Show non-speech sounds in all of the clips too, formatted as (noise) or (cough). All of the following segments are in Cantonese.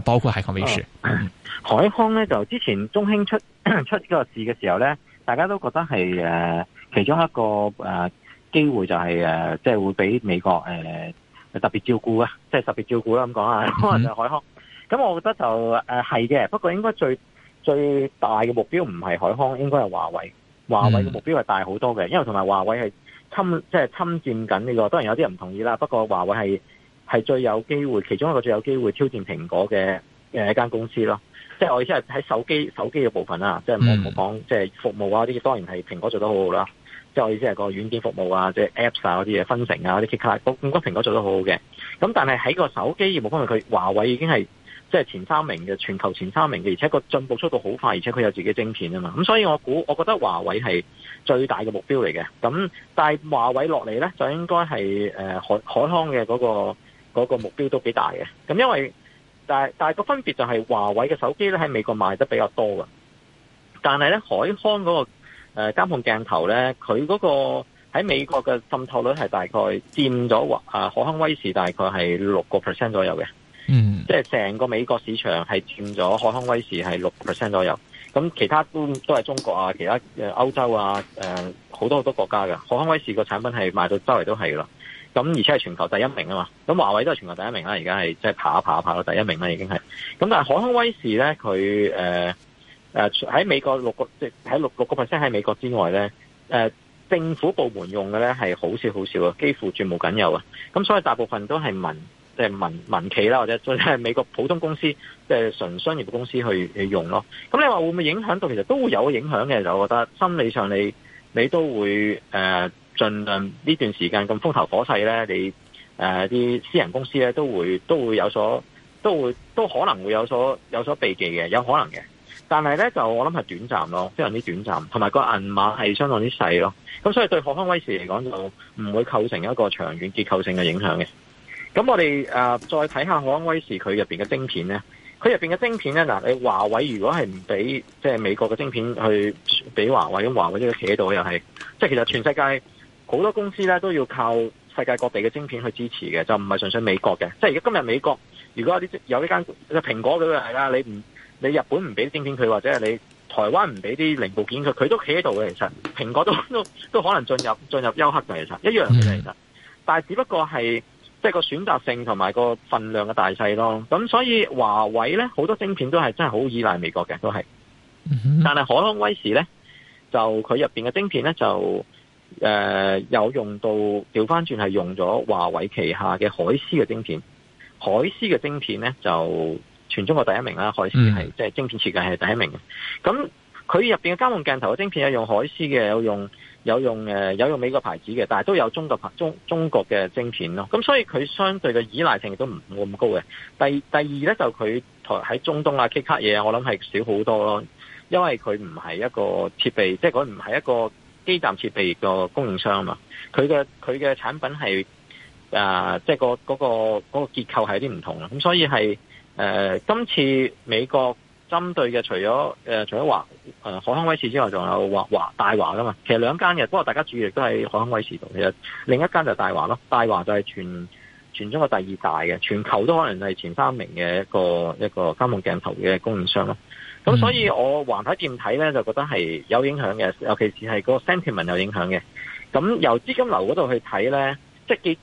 包括海康威視，海康咧就之前中興出 (coughs) 出嗰個事嘅時候咧，大家都覺得係誒、呃、其中一個誒機、呃、會就係誒即係會俾美國誒、呃、特別照顧啊，即、就、係、是、特別照顧啦咁講啊，可能就係海康。咁、嗯、我覺得就誒係嘅，不過應該最最大嘅目標唔係海康，應該係華為。華為嘅目標係大好多嘅、嗯，因為同埋華為係侵即係、就是、侵佔緊呢個，當然有啲人唔同意啦。不過華為係。係最有機會，其中一個最有機會挑戰蘋果嘅誒一間公司咯。即係我意思係喺手機手機嘅部分啦，mm. 即係冇冇講即係服務啊啲，當然係蘋果做得好好啦。Mm. 即係我意思係個軟件服務啊，即係 Apps 啊嗰啲嘢分成啊嗰啲 cut 卡，我覺得蘋果做得好好嘅。咁但係喺個手機業務方面，佢華為已經係即係前三名嘅全球前三名嘅，而且個進步速度好快，而且佢有自己晶片啊嘛。咁所以我估，我覺得華為係最大嘅目標嚟嘅。咁但係華為落嚟咧，就應該係誒、呃、海海康嘅嗰、嗰個。嗰、那個目標都幾大嘅，咁因為但係但係個分別就係華為嘅手機咧喺美國賣得比較多嘅，但係咧海康嗰、那個、呃、監控鏡頭咧，佢嗰個喺美國嘅滲透率係大概佔咗華啊海康威視大概係六個 percent 左右嘅，嗯，即係成個美國市場係佔咗海康威視係六 percent 左右，咁其他都都係中國啊，其他歐洲啊呃、好多好多國家嘅海康威視個產品係賣到周圍都係嘅啦。咁而且係全球第一名啊嘛，咁華為都係全球第一名啦，而家係即係爬一爬爬到第一名啦，已經係。咁但係海康威視咧，佢誒喺美國六個即係喺六六個 percent 喺美國之外咧，誒、呃、政府部門用嘅咧係好少好少啊，幾乎絕無僅有啊。咁所以大部分都係民即係、就是、民民企啦，或者即係美國普通公司即係、就是、純商業公司去去用咯。咁你話會唔會影響到？其實都會有影響嘅，就我覺得心理上你你都會誒。呃盡量呢段時間咁風頭火勢咧，你誒啲、呃、私人公司咧都會都會有所都會都可能會有所有所避忌嘅，有可能嘅。但係咧就我諗係短暫咯，非常之短暫，同埋個銀碼係相當之細咯。咁所以對海康威視嚟講就唔會構成一個長遠結構性嘅影響嘅。咁我哋誒、呃、再睇下海康威視佢入面嘅晶片咧，佢入面嘅晶片咧，嗱你華為如果係唔俾即係美國嘅晶片去俾華為咁，華為即係企喺度又係，即係其實全世界。好多公司咧都要靠世界各地嘅晶片去支持嘅，就唔係純粹美國嘅。即係而家今日美國，如果有啲有呢間嘅蘋果佢係啦，你唔你日本唔俾晶片佢，或者係你台灣唔俾啲零部件佢，佢都企喺度嘅。其實蘋果都都都可能進入進入休克嘅，其實一樣嘅其實。但係只不過係即係個選擇性同埋個分量嘅大細咯。咁所以華為咧好多晶片都係真係好依賴美國嘅，都係。但係海康威視咧就佢入邊嘅晶片咧就。誒、呃，有用到掉返轉，係用咗華為旗下嘅海思嘅晶片，海思嘅晶片咧就全中國第一名啦，海思係、嗯、即係晶片設計係第一名嘅。咁佢入邊嘅監控鏡頭嘅晶片有用海思嘅，有用有用誒、呃，有用美國牌子嘅，但係都有中國中中國嘅晶片咯。咁所以佢相對嘅依賴性亦都唔會咁高嘅。第二第二咧就佢台喺中東啊，K 卡嘢啊，我諗係少好多咯，因為佢唔係一個設備，即係佢唔係一個。基站設備個供應商啊嘛，佢嘅佢嘅產品係啊，即、呃、係、就是、個嗰、那個嗰、那個結構係有啲唔同啊，咁所以係誒、呃、今次美國針對嘅除咗誒、呃、除咗華誒海、呃、康威視之外，仲有華華大華噶嘛，其實兩間嘅，不過大家注意都係海康威視度，其實另一間就係大華咯，大華就係全。全中國第二大嘅，全球都可能係前三名嘅一個一個監控鏡頭嘅供應商咯。咁、嗯、所以我橫睇掂睇咧，就覺得係有影響嘅，尤其是係個 sentiment 有影響嘅。咁由資金流嗰度去睇咧，即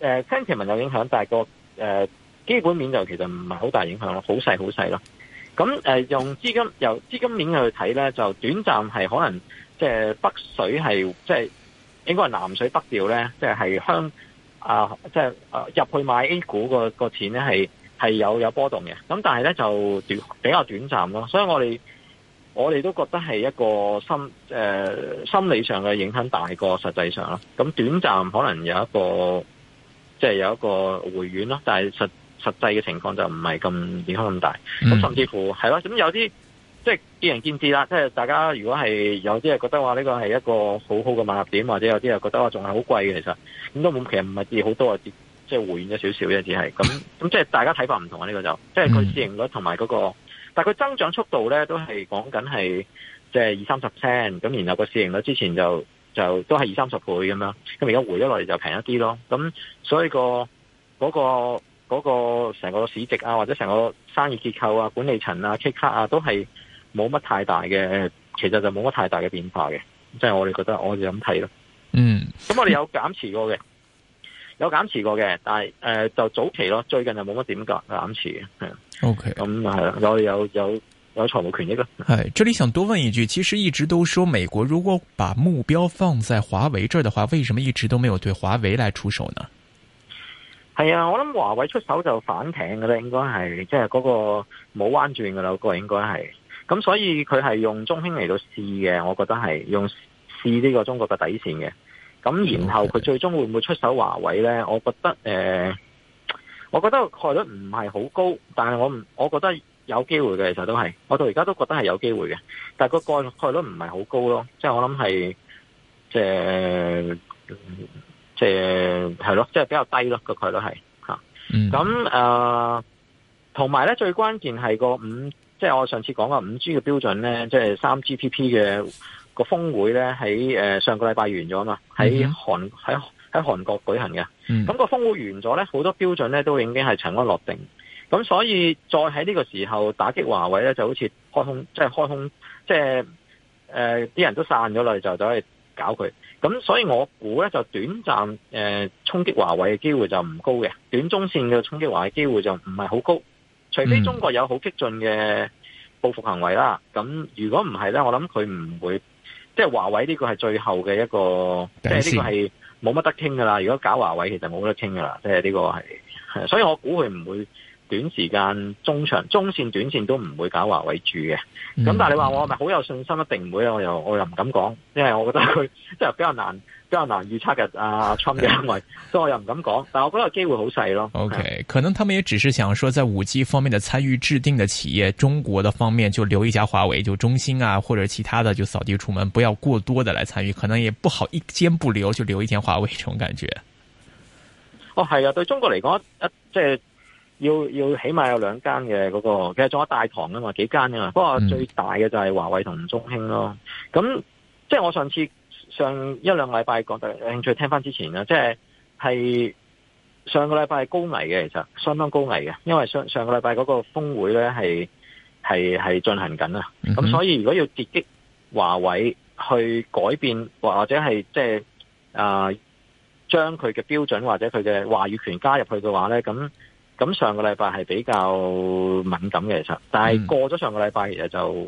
係 sentiment 有影響，但係個基本面就其實唔係好大影響咯，好細好細咯。咁用資金由資金面去睇咧，就短暫係可能即係北水係即係應該係南水北調咧，即係係香。啊，即係入去買 A 股個、那個錢咧，係係有有波動嘅，咁但係咧就短比較短暫咯，所以我哋我我哋都覺得係一個心誒、呃、心理上嘅影響大過實際上咯，咁短暫可能有一個即係、就是、有一個回軟咯，但係實實際嘅情況就唔係咁影響咁大，咁甚至乎係咯，咁、啊、有啲。即係見仁見智啦，即係大家如果係有啲係覺得話呢個係一個好好嘅買入點，或者有啲係覺得話仲係好貴嘅其實，咁都冇，其實唔係跌好多啊跌，即係回軟咗少少啫，只係咁咁即係大家睇法唔同啊呢個就，即係佢市盈率同埋嗰個，但係佢增長速度咧都係講緊係即係二三十 percent，咁然後個市盈率之前就就都係二三十倍咁樣，咁而家回咗落嚟就平一啲咯，咁所以個嗰個嗰個成個市值啊，或者成個生意結構啊、管理層啊、K 卡啊都係。冇乜太大嘅，其實就冇乜太大嘅變化嘅，即、就、係、是、我哋覺得我哋咁睇咯。嗯，咁我哋有減持過嘅，有減持過嘅，但係誒、呃、就早期咯，最近就冇乜點減減持嘅。OK，咁係啦，有有有有財務權益咯。係 Judy 想多問一句，其實一直都說美國如果把目標放在華為這兒的話，為什麼一直都沒有對華為來出手呢？係啊，我諗華為出手就反艇嘅咧，應該係即係嗰個冇彎轉嘅啦，嗰個應該係。咁所以佢係用中興嚟到試嘅，我覺得係用試呢個中國嘅底線嘅。咁然後佢最終會唔會出手華為咧？我覺得誒、呃，我覺得概率唔係好高，但係我唔，我覺得有機會嘅，其實都係，我到而家都覺得係有機會嘅。但係個概概率唔係好高咯，即係我諗係、呃呃，即係即係係咯，即係比較低咯個概率係吓。咁、啊、誒，同埋咧，最關鍵係個五。即係我上次講嘅五 G 嘅標準咧，即係三 GPP 嘅個峰會咧，喺誒、呃、上個禮拜完咗嘛，喺韓喺喺韓國舉行嘅。咁、嗯那個峰會完咗咧，好多標準咧都已經係塵埃落定。咁所以再喺呢個時候打擊華為咧，就好似開通，即、就、係、是、開通，即係誒啲人都散咗啦，就走去搞佢。咁所以我估咧就短暫誒、呃、衝擊華為嘅機會就唔高嘅，短中線嘅衝擊華為嘅機會就唔係好高。除非中國有好激進嘅報復行為啦，咁、嗯、如果唔係呢，我諗佢唔會，即係華為呢個係最後嘅一個，即係呢個係冇乜得傾噶啦。如果搞華為，其實冇得傾噶啦，即係呢個係，所以我估佢唔會短時間、中長、中線、短線都唔會搞華為住嘅。咁、嗯、但係你話我係咪好有信心一定唔會咧？我又我又唔敢講，因為我覺得佢即係比較難。比較難預測嘅啊 Trump 嘅行為， (laughs) 所以我又唔敢講。但係我覺得機會好細咯。OK，、嗯、可能他們也只是想說，在五 G 方面嘅參與制定嘅企業，中國的方面就留一家華為，就中興啊，或者其他的就掃地出門，不要過多的來參與。可能也不好一間不留，就留一間華為，這種感覺。哦，係啊，對中國嚟講，一即係要要起碼有兩間嘅嗰個，其實仲有大堂啊嘛，幾間啊嘛。不過最大嘅就係華為同中興咯。咁即係我上次。上一兩禮拜講得興趣聽翻之前，即係係上個禮拜係高危嘅，其實相當高危嘅，因為上上個禮拜嗰個峰會咧係係係進行緊啊，咁、嗯、所以如果要截擊華為去改變或者係即係啊將佢嘅標準或者佢嘅話語權加入去嘅話咧，咁咁上個禮拜係比較敏感嘅其實，但係過咗上個禮拜其實就。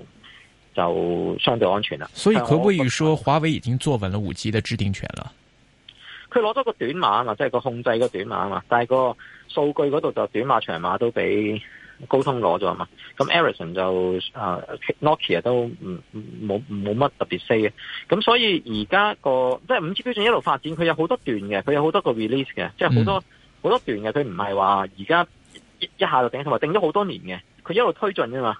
就相對安全啦。所以可唔可以說，華為已經坐穩咗五 G 嘅制定權了？佢攞咗個短碼嘛,即係個控制個短碼嘛,但係個數據嗰度就短碼長碼都俾高通攞咗啊嘛。咁 Ericsson 就啊，Nokia 都唔冇冇乜特別 say 嘅。咁所以而家個即係五 G 標準一路發展，佢有好多段嘅，佢有好多個 release 嘅，即係好多好、嗯、多段嘅。佢唔係話而家一一下就定同埋定咗好多年嘅，佢一路推進啫嘛。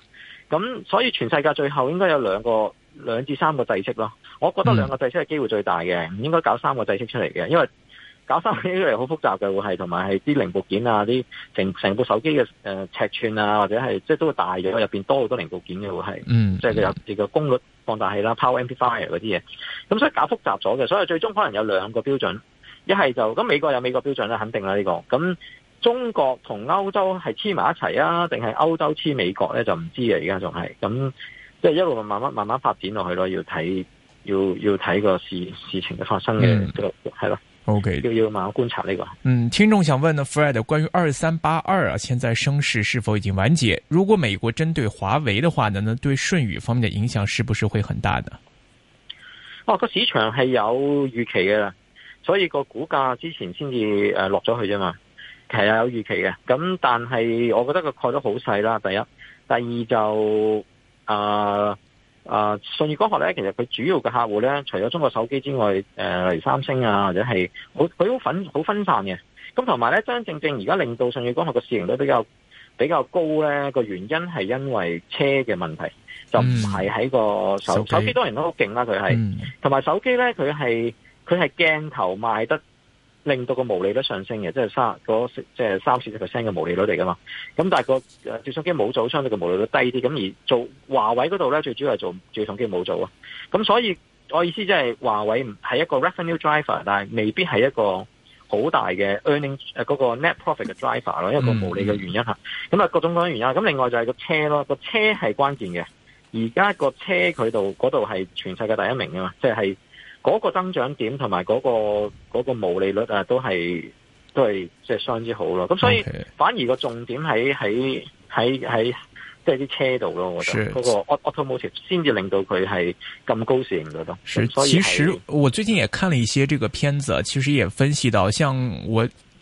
咁所以全世界最後應該有兩個兩至三個制式咯，我覺得兩個制式係機會最大嘅，唔、嗯、應該搞三個制式出嚟嘅，因為搞三個出嚟好複雜嘅會係同埋係啲零部件啊，啲成成部手機嘅、呃呃、尺寸啊，或者係即係都會大嘅，入邊多好多零部件嘅會係、嗯，即係佢有一個功率放大器啦、power amplifier 嗰啲嘢，咁所以搞複雜咗嘅，所以最終可能有兩個標準，一係就咁美國有美國標準咧，呢個、肯定啦呢個，咁。中國同歐洲係黐埋一齊啊，定係歐洲黐美國咧就唔知嘅，而家仲係咁，即係一路慢慢慢慢發展落去咯，要睇要要睇個事事情嘅發生嘅係咯。嗯，okay，要要慢慢觀察呢個。嗯，聽眾想問呢，Fred 關於二三八二啊，現在升勢是否已經完結？如果美國針對華為嘅話，呢，對舜宇方面嘅影響是不是會很大呢？哦，個市場係有預期嘅，所以個股價之前先至誒落咗去啫嘛。係啊，有預期嘅。咁但係，我覺得個概率都好細啦。第一，第二就啊啊，舜宇光學咧，其實佢主要嘅客戶咧，除咗中國手機之外，誒，例如三星啊，或者係好佢好分好分散嘅。咁同埋咧，真真正正而家令到舜宇光學個市盈率比較比較高咧，個原因係因為車嘅問題，就唔係喺個手手機當然都好勁啦。佢係同埋手機咧，佢係佢係鏡頭賣得。令到個毛利率上升嘅，即係三即係三四十 percent 嘅毛利率嚟噶嘛。咁但係個照相機模組，相對嘅毛利率低啲。咁而做華為嗰度咧，最主要係做照相機模組啊。咁所以我意思即係華為唔係一個 revenue driver，但係未必係一個好大嘅 earning 嗰個 net profit 嘅 driver 咯，因為個毛利嘅原因嚇。咁啊，各種各樣原因。咁、嗯、另外就係個車咯，個車係關鍵嘅。而家個車佢度嗰度係全世界第一名嘅嘛，即係。嗰、那個增長點同埋嗰個、那個毛利率啊，都係都係即係相當之好咯。咁所以反而個重點喺喺喺喺即係啲車度咯。我覺得嗰、那個 automotive 先至令到佢係咁高市嘅咯。是，是，其實我最近也看了一些這個片子，其實也分析到，像我。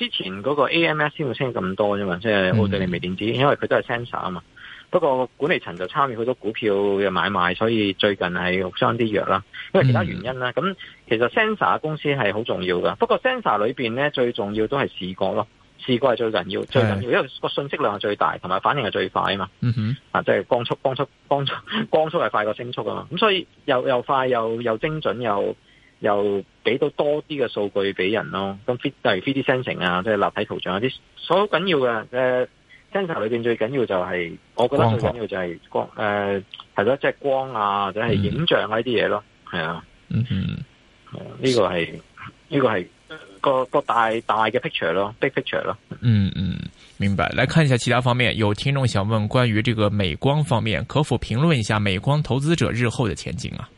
之前嗰個 AMS 先會升咁多啫嘛，即係奧地利微電子，因為佢都係 sensor 啊嘛。不過管理層就參與好多股票嘅買賣，所以最近係服裝啲弱啦。因為其他原因啦。咁其實 sensor 公司係好重要㗎，不過 sensor 裏邊咧最重要都係視覺咯，視覺係最緊要、最緊要，因為個信息量係最大，同埋反應係最快啊嘛。嗯哼，啊，即係光速、光速、光速、光速係快過聲速啊嘛。咁所以又又快又又精準又。又俾到多啲嘅數據俾人咯，咁例如 3D sensing 啊，即係立體圖像一、啊、啲，所緊要嘅誒、呃、sensor 裏邊最緊要就係、是，我覺得最緊要就係光誒，係咯，即、呃、係、就是、光啊，或者係影像呢啲嘢咯，係、嗯、啊，嗯嗯，係、呃、啊，呢、這個係呢、這個係各個，個大大嘅 picture 咯，big picture 咯，嗯嗯，明白。來看一下其他方面，有聽眾想問關於這個美光方面，可否評論一下美光投資者日後嘅前景啊？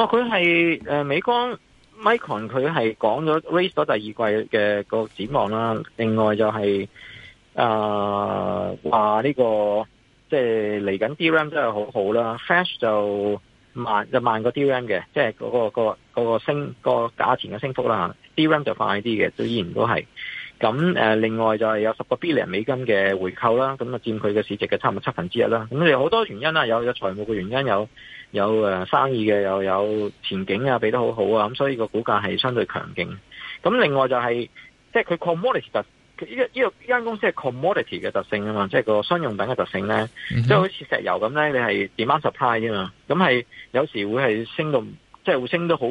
哦，佢係誒美光 Micron 佢係講咗 raise 咗第二季嘅個展望啦，另外就係誒，話呢個即係嚟緊 DRAM 都係好好啦，Flash 就慢，就慢過 DRAM 嘅，即係嗰個、嗰個、嗰個升、嗰個價錢嘅升幅啦，DRAM 就快啲嘅，就依然都係。咁誒、呃，另外就係有十個 billion 美金嘅回購啦，咁啊佔佢嘅市值嘅差唔多七分之一啦。咁你好多原因啦，有有財務嘅原因，有有生意嘅，又有，有前景啊，俾得好好啊，咁所以個股價係相對強勁。咁另外就係、是、即係、就、佢、是、commodity 呢個呢呢間公司係 commodity 嘅特性啊嘛，即、就、係、是、個商用品嘅特性咧，即、嗯、係、就是、好似石油咁咧，你係 demand supply 啊嘛，咁係有時會係升到，即、就、係、是、會升得好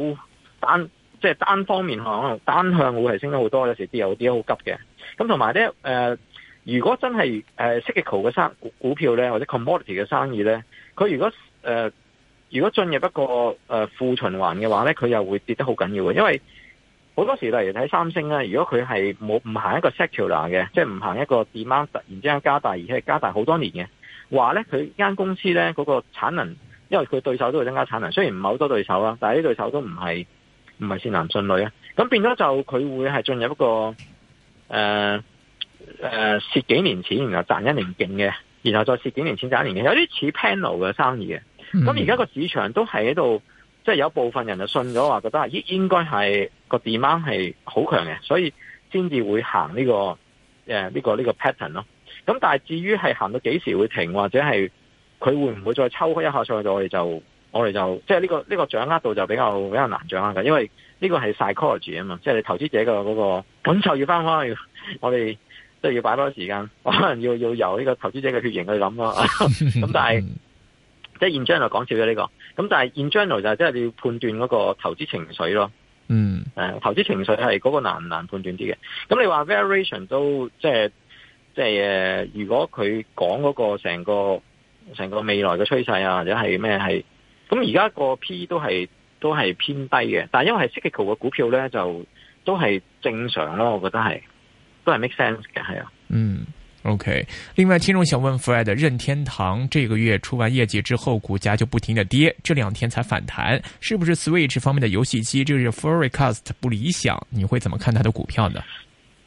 單。即係單方面可能單向會係升咗好多，有時啲有啲好急嘅。咁同埋咧，誒，如果真係 sector 嘅生股票咧，或者 commodity 嘅生意咧，佢如果誒如果進入一個誒負循環嘅話咧，佢又會跌得好緊要嘅。因為好多時例如睇三星呢，如果佢係冇唔行一個 secular 嘅，即係唔行一個 demand 突然之間加大，而且加大好多年嘅話咧，佢間公司咧嗰個產能，因為佢對手都會增加產能，雖然唔係好多對手啦，但係呢對手都唔係。唔係善男信女啊，咁變咗就佢會係進入一個誒誒蝕幾年錢然後賺一年勁嘅，然後再蝕幾年錢賺一年嘅，有啲似 panel 嘅生意嘅。咁而家個市場都喺度，即係有部分人就信咗話，覺得係應應該係個 demand 係好強嘅，所以先至會行呢個誒呢個呢個 pattern 咯。咁但係至於係行到幾時會停，或者係佢會唔會再抽開一下上來就？我哋就即係、這、呢個呢、這個掌握度就比較比較難掌握嘅，因為呢個係 psychology 啊嘛，即係你投資者嘅嗰、那個感受要返開。我哋即係要擺多時間，可能要要由呢個投資者嘅血型去諗咯。咁 (laughs) (laughs) 但係即係 in general 講少咗呢個，咁但係 in general 就係即係你要判斷嗰個投資情緒咯。嗯，誒，投資情緒係嗰個難唔難判斷啲嘅。咁你話 variation 都即係即係誒、呃，如果佢講嗰個成個成個未來嘅趨勢啊，或者係咩係？咁而家個 PE 都係都係偏低嘅，但係因為 cyclical 嘅股票咧就都係正常咯，我覺得係都係 make sense 嘅係啊。嗯，OK。另外，聽眾想問 Fred，任天堂這個月出完業績之後，股價就不停嘅跌，這兩天才反彈，是不是 Switch 方面的遊戲機這個 forecast 不理想？你會怎麼看它的股票呢？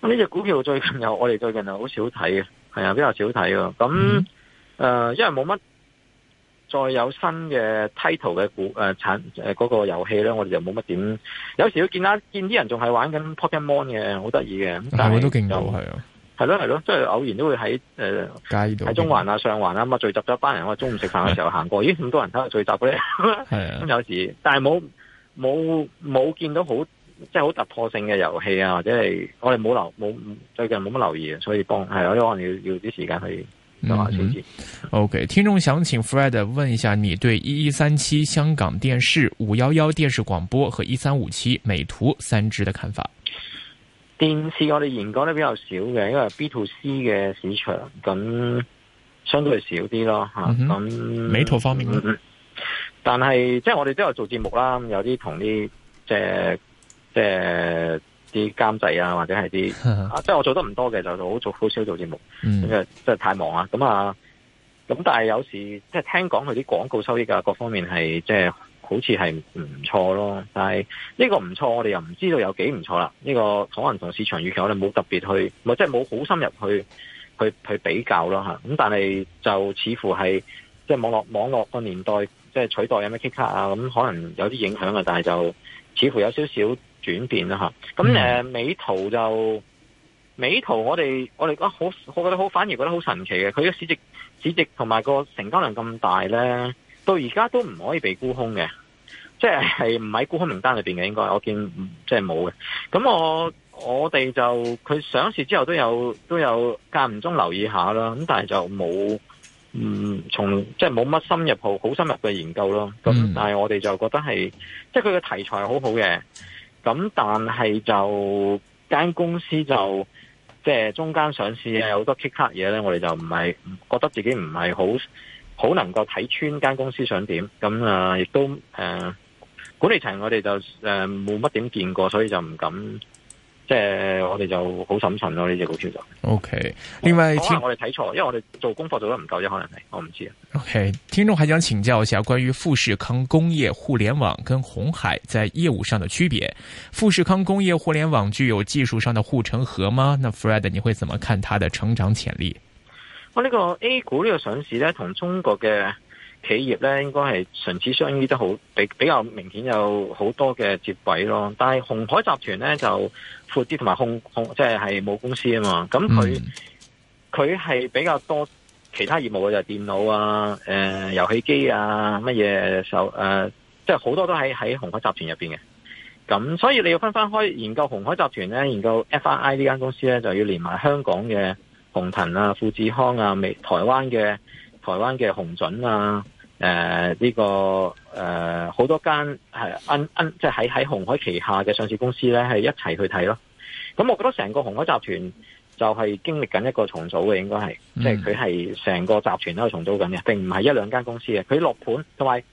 呢隻股票最近有，我哋最近有好少睇嘅，係啊，比較少睇啊。咁誒，因為冇乜。再有新嘅 title 嘅股誒產誒嗰個遊戲咧，我哋就冇乜點。有時都見啦，見啲人仲係玩緊 Pokemon 嘅，好得意嘅。但係我都見到係啊，係咯係咯，即、嗯、係偶然都會喺誒、呃、街喺中環啊、上環啊咁啊，聚集咗一班人。我中午食飯嘅時候行過， (laughs) 咦咁多人喺度聚集嗰啲。係、 (laughs) 嗯。咁有時，但係冇冇冇見到好即係好突破性嘅遊戲啊，或者係我哋冇留冇最近冇乜留意啊，所以幫係因為可能要要啲時間去。嗯嗯嗯、o、okay, K，聽眾想請 Fred 問一下你對一一三七香港電視、五幺幺電視廣播和一三五七美圖三支的看法。電視我哋研究得比較少嘅，因為 B to C 嘅市場咁相對少啲咯吓。咁、嗯啊嗯、美圖方面、嗯，但係即係我哋都有做節目啦，有啲同啲即係即係。呃呃啲監製啊，或者係啲啊，即係我做得唔多嘅，就做好做好少做節目，因為真係太忙啊。咁啊，咁但係有時即係聽講佢啲廣告收益啊，各方面係即係好似係唔錯咯。但係呢個唔錯，我哋又唔知道有幾唔錯啦。呢個可能同市場預期，我哋冇特別去，即係冇好深入去去去比較咯嚇。咁但係就似乎係即係網絡網絡個年代，即係取代有咩 K 卡啊？咁可能有啲影響啊，但係就似乎有少少。轉變啦吓，咁誒、呃，美圖就美圖我，我哋我哋覺得好，我覺得好，反而覺得好神奇嘅。佢個市值市值同埋個成交量咁大咧，到而家都唔可以被沽空嘅，即係係唔喺沽空名單裏邊嘅。應該我見即係冇嘅。咁我我哋就佢上市之後都有都有間唔中留意下啦，咁但係就冇，嗯，從即係冇乜深入好好深入嘅研究咯。咁、嗯、但係我哋就覺得係，即係佢嘅題材好好嘅。咁但係就間公司就即係中間上市有好多蹊蹺嘢咧，我哋就唔係覺得自己唔係好好能夠睇穿間公司想點，咁啊亦都誒、呃、管理層我哋就誒冇乜點見過，所以就唔敢。即、呃、我哋就好審慎咯，呢隻股票。就。O、okay, K、哦、另外可能我哋睇錯，因為我哋做功課做得唔夠啫，可能係我唔知。O、okay, K，聽眾還想請教一下關於富士康工業互聯網跟紅海在業務上嘅區別。富士康工業互聯網具有技術上嘅護城河嗎？那 Fred，你會怎麼看它的成長潛力？我、哦、呢、這個 A 股呢個上市咧，同中國嘅，企業咧應該係唇齒相依，都好比比較明顯有好多嘅接軌咯。但係紅海集團咧就闊啲，同埋控控即係係冇公司啊嘛。咁佢佢係比較多其他業務嘅就係、電腦啊、誒、呃、遊戲機啊乜嘢手誒，即係好多都喺喺紅海集團入邊嘅。咁所以你要分翻開研究紅海集團咧，研究 FII 呢間公司咧，就要連埋香港嘅紅騰啊、富智康啊、微台灣嘅台灣嘅紅準啊。誒、呃，呢、這個誒，好、呃、多間係、嗯、即係喺喺鴻海旗下嘅上市公司呢，係一齊去睇咯。咁我覺得成個鴻海集團就係經歷緊一個重組嘅，應該係、嗯，即係佢係成個集團都係重組緊嘅，並唔係一兩間公司嘅。佢落盤同埋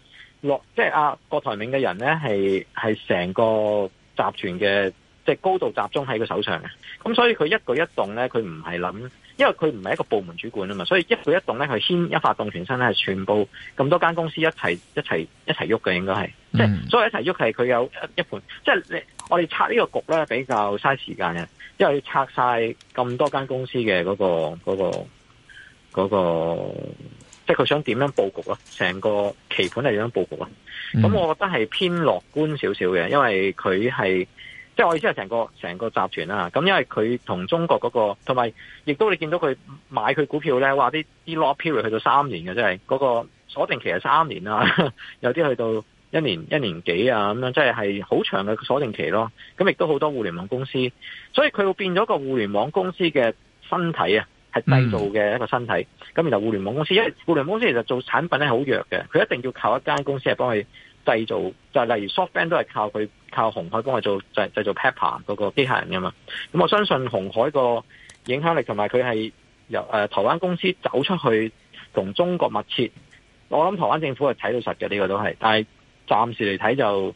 落，即係、啊、阿郭台銘嘅人呢，係係成個集團嘅，即、就、係、是、高度集中喺佢手上嘅。咁所以佢一舉一動呢，佢唔係諗。因為佢唔係一個部門主管啊嘛，所以一舉一動咧，佢牽一髮動全身咧，係全部咁多間公司一齊一齊一齊喐嘅，應該係，即、嗯、係所以一齊喐係佢有一盤，即係你我哋拆呢個局咧比較嘥時間嘅，因為要拆晒咁多間公司嘅嗰、嗰個、嗰個、嗰個，即係佢想點樣布局啊？成個棋盤係點樣布局啊？咁、嗯、我覺得係偏樂觀少少嘅，因為佢係。即係我意思係成個成個集團啦、啊，咁因為佢同中國嗰、那個，同埋亦都你見到佢買佢股票咧，話啲啲 lock period 去到三年嘅即係，嗰、那個鎖定期係三年啊，有啲去到一年一年幾啊，咁樣即係係好長嘅鎖定期咯。咁亦都好多互聯網公司，所以佢會變咗個互聯網公司嘅身體啊，係製造嘅一個身體。咁、嗯、然後互聯網公司，因為互聯網公司其實做產品咧好弱嘅，佢一定要靠一間公司係幫佢製造，就係、是、例如 SoftBank 都係靠佢。靠鴻海幫我做製製造 Pepper 嗰個機械人嘅嘛，咁我相信鴻海個影響力同埋佢係由誒、呃、台灣公司走出去同中國密切，我諗台灣政府係睇到實嘅呢、呢個都係，但係暫時嚟睇就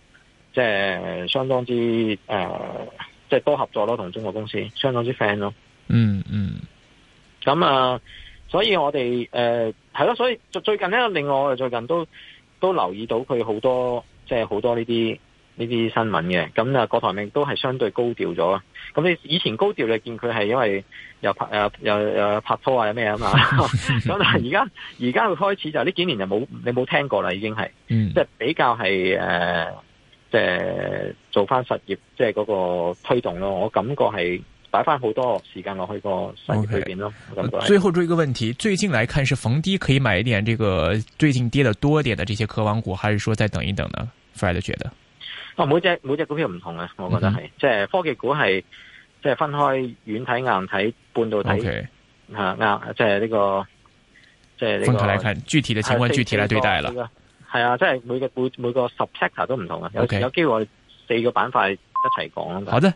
即係相當之誒、呃，即係多合作咯，同中國公司相當之 friend 咯。嗯嗯。咁啊，所以我哋誒係咯，所以最最近呢，另外我哋最近都都留意到佢好多即係好多呢啲。呢啲新聞嘅咁啊，郭台銘都係相對高調咗啊！咁你以前高調你見佢係因為又拍又又拍拖啊咩啊嘛咁，但係而家而家佢開始就呢幾年就冇你冇聽過啦已經係，即、嗯、係比較係誒即係做翻實業，即係嗰個推動咯。我感,是 okay, 我感覺係擺翻好多時間落去個實業裏邊咯。最後追一個問題：最近嚟看是逢低可以買一點這個最近跌得多點的這些科網股，還是說再等一等呢？Fred 覺得？哦，每隻每隻股票唔同啊，我覺得係、okay. 即係科技股係，即係分開軟體、硬體、半導體吓，啱，即係呢個，即、就、係、是這個，分開來看，具體的情況具體嚟對待啦。係啊，即係每個每每個 subsector 都唔同啊，有、okay. 有機會我哋四個板塊一齊講、okay. 嗯。好的。